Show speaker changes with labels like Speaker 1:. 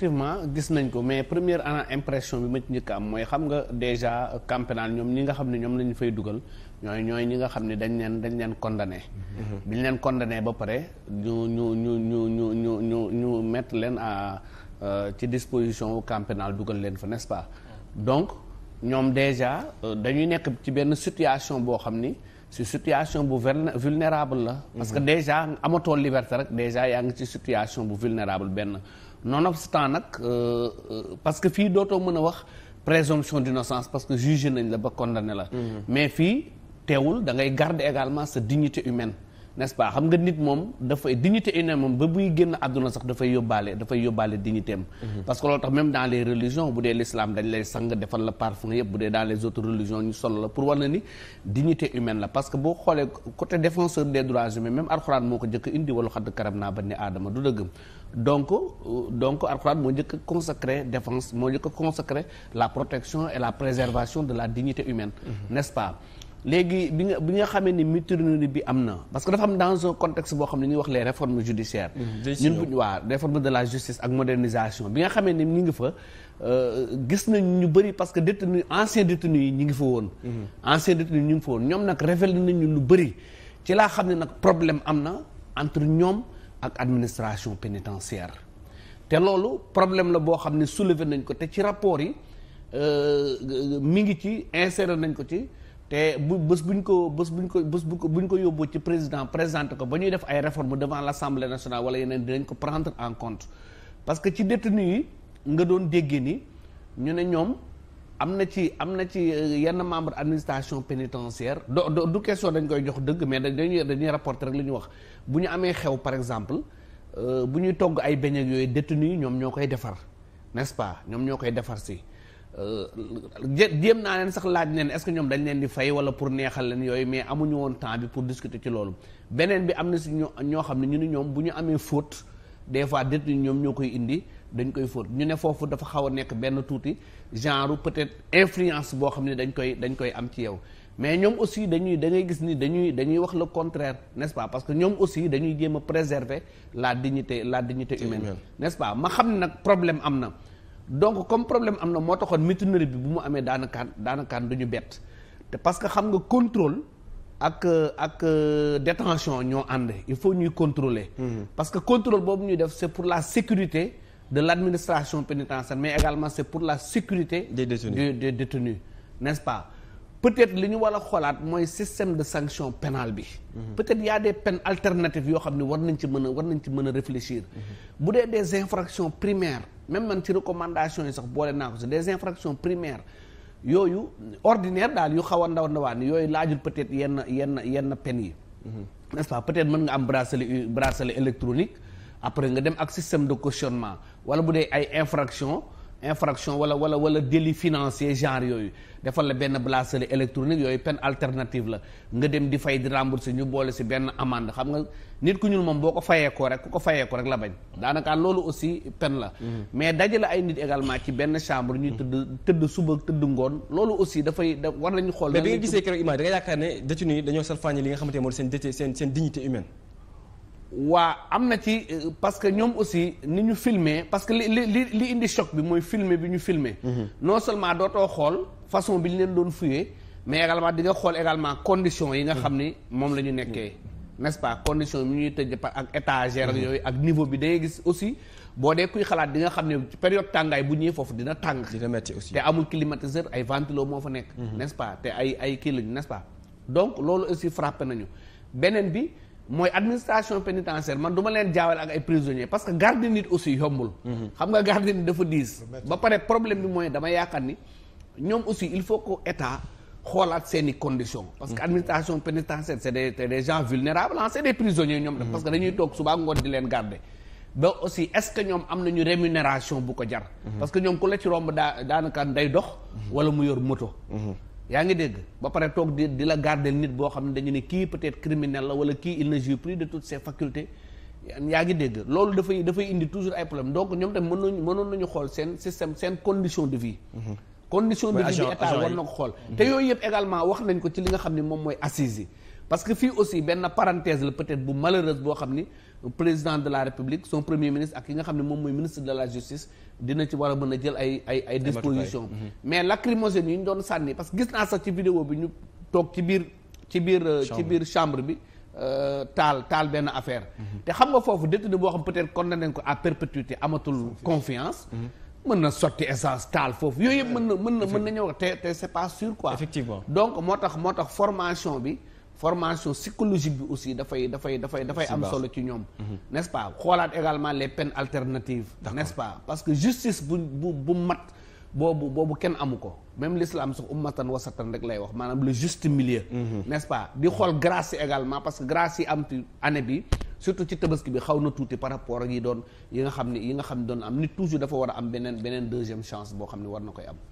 Speaker 1: effectivement gis nañ ko mais première en impression bi ma ci njëkk am mooy xam nga déjà camp ñoom ñi nga xam ne ñoom lañu fay dugal ñooy ñooy ñi nga xam ne dañ leen dañ leen condamné. Mm-hmm. bi ñu leen condamné ba pare ñu ñu ñu ñu ñu ñu ñu ñu mett leen à euh, ci disposition wu camp dugal leen fa nest pas. donc ñoom déjà euh, dañuy nekk ci benn situation boo xam ni. si situation bu vulnérable la. parce que mm-hmm. déjà amatoo liberté rek déjà yaa ngi ci situation bu vulnérable benn. nonobstant nag euh, euh, parce que fii dootoo mën a wax présomption d'innocence parce que jugé nañ la ba condamné la mm-hmm. mais fii teewul dangay ngay garder également sa dignité humaine n'est-ce pas xam nga nit moom dafay dignité humaine moom ba buy génn àdduna sax dafay yóbbaale dafay yóbbaale dignité am mhm. parce que loolu tax même dans les religions bu dee l'islam dañ lay sang defal la parfum yëpp bu dee dans les autres religions ñu solo la pour war na ni dignité humaine la parce que boo xoolee côté défenseur des droits humains même alxuraan moo ko njëkk indi wala xadd karam naa ba ni aadama du dëgg donc euh, donc alxuraan moo njëkk a consacré défense moo njëkk a consacré la protection et la préservation de la dignité humaine mhm. nest léegi bi nga bi nga xamee ni mutinerie bi am na parce que dafa am dans un contexte boo xam ne ñuy wax les réformes judiciaires mm, ñun buñ waa réforme de la justice ak modernisation bi nga xamee ni ñu ngi fa euh, gis nañ ñu bëri parce que détenu ancien détenu yi ñu ngi fa woon mm-hmm. ancien détenu yi ñu ngi fa woon ñoom nag révélé nañu lu bëri ci laa xam ne nag problème am na entre ñoom ak administration pénitentiaire te loolu problème la boo xam ne soulevé nañ ko te ci rapport yi euh, mi ngi ci inséré nañ ko te bu bés bu ñu ko bés bu ñu ko bés bu ko buñ ko yóbboo ci président présenté ko ba ñuy def ay réformes devant l'Assemblée nationale wala yeneen dinañ ko prendre en compte parce que ci détenu yi nga doon déggee ni ñu ne ñoom am na ci am na ci euh, yenn membre administration pénitentiaire do du question dañ koy jox dëgg mais dañuy dañuy rapporter rek li ñu wax bu ñu amee xew par exemple euh, bu ñuy togg ay beñeeg yooyu détenu yi ñoom ñoo koy defar n'est-ce pas ñoom ñoo koy defar si Euh, jéem naa leen sax laaj leen est-ce que ñoom dañ leen di fay wala pour neexal leen yooyu mais amuñu woon temps bi pour discuter ci loolu beneen bi am na si ñoo xam ne ñu ni ñoom bu ñu amee fóot des fois détenu ñoom ñoo koy indi dañ koy fóot ñu ne foofu dafa xaw a nekk benn tuuti genre peut-être influence boo xam ne dañ koy dañ koy am ci yow mais ñoom aussi dañuy da ngay gis ni dañuy dañuy wax le contraire n'est-ce pas parce que ñoom aussi dañuy jéem a la dignité la dignité humaine nest pas ma xam nag problème am na donc comme problème am na moo taxoon mutinerie bi bu mu amee daanakaan daanakaan du ñu bett te parce que xam nga contrôle ak ak euh, détention ñoo ànd il faut ñuy contrôler mhm. parce que contrôle boobu ñuy def c'est pour la sécurité de l'administration pénitentiaire mais également c'est pour la sécurité des détenus des détenus n'est-ce pas peut-être li ñu war a xoolaat mooy système de sanction pénale bi. Mhm. peut-être y a des yoo xam ne war nañ ci mën a war nañ ci mën a réfléchir. Mhm. bu dee des infractions primaires même man ci recommandations yi sax boole naa ko si des infractions primaires yooyu ordinaire daal yu xaw a ndaw ndawaan yooyu laajul peut-être yenn yenn yenn peines yi. Mhm. n'est-ce pas peut-être mën nga am bracelet bracelet électronique après nga dem ak système de cautionnement wala bu dee ay infractions. infraction wala wala wala délit financier genre yooyu defal la benn bracelet électronique yooyu peine alternative la nga dem di fay di rembourser ñu boole si benn amande xam nga nit ku ñuul moom boo ko fayeekoo ko rek ku ko fayee ko rek la bañ daanaka loolu aussi pen la mhm. mais dajale ay nit également ci benn chambre ñuy tëdd tëdd suba tëdd ngoon loolu aussi dafay da war nañu xool mais gisee keroog image da yaakaar ne détenu yi dañoo salfaañe li nga waa am na ci euh, parce que ñoom aussi ni ñu filmer parce que li li li indi choc bi mooy filmer bi ñu filmer mhm. non seulement dootoo xool façon bi ñu leen doon fuyee mais également dinga xool également condition yi nga mhm. xam ni moom la ñu nekkee n'est-ce pas condition bi ñuy tëj ak étagère mhm. yooyu ak niveau bi dangay gis aussi boo dee kuy xalaat di nga xam ne période tàngaay bu ñëwee foofu dina tàng dina metti aussi te amul climatiseur ay ventilo moo fa nekk n'est-ce pas te ay kii lañu n'est-ce pas donc loolu aussi frappé nañu beneen bi mooy administration pénitentiaire man du ma leen jaawale ak ay prisonniers parce que garde nit aussi yombul. xam nga garde nit dafa diis. ba pare problème bi mooy dama yaakaar ni ñoom aussi il faut que état xoolaat seeni conditions. parce que administration pénitentiaire c'est des c'est des gens vulnérables ah c'est des prisonniers parce que dañuy toog suba ngoon di leen garder. ba aussi est-ce que ñoom am nañu rémunération bu ko jar. parce que ñoom ku la ci romb daa daanaka day dox. yor moto. yaa ngi dégg ba pare toog di di la garder nit boo xam ne dañu ne kii peut-être la wala kii il ne de toutes ses facultés yaa ngi dégg loolu dafay dafay indi toujours ay problème donc ñoom tamit mën nañu mënoon nañu xool seen système seen condition de vie mhm. condition de vie bi état war na ko xool mhm. te yooyu yëpp également wax nañ ko ci li nga xam ne moom mooy assise parce que fii aussi benn parenthèse la peut-être bu malheureuse boo xam ni président de la république son premier ministre ak ki nga xam ne moom mooy ministre de la justice dina ci war a mën a jël ay ay ay dispositions mhm. mais yi ñu doon sànni parce que gis naa sax ci vidéo bi ñu toog ci biir ci biir euh, chambre bi euh, taal taal benn affaire mhm. te xam nga foofu détenu boo xam peut-être condamné nañ ko à perpétuité amatul confiance mhm. mën na sotti essence taal foofu yooyu yëpp mën na mën na mën na ñëw te te c'est pas sûr moo tax moo tax formation bi formation psychologique bi aussi dafay dafay dafay dafay am solo ci ñoom mhm. nest pas xoolaat également les peines alternatives nest pas parce que justice bu bu bu mat boobu boobu kenn amu ko même l'islam sax ummatan wasatan rek lay wax maanaam le juste milieu mhm. n'est-ce pas di xool grâce également parce que grâce yi am ci année bi surtout ci tabaski bi xaw na tuuti par rapport ak yi doon yi nga xam ne yi nga xam ne doon am nit toujours dafa war a am beneen beneen deuxième chance boo xam ne war na koy am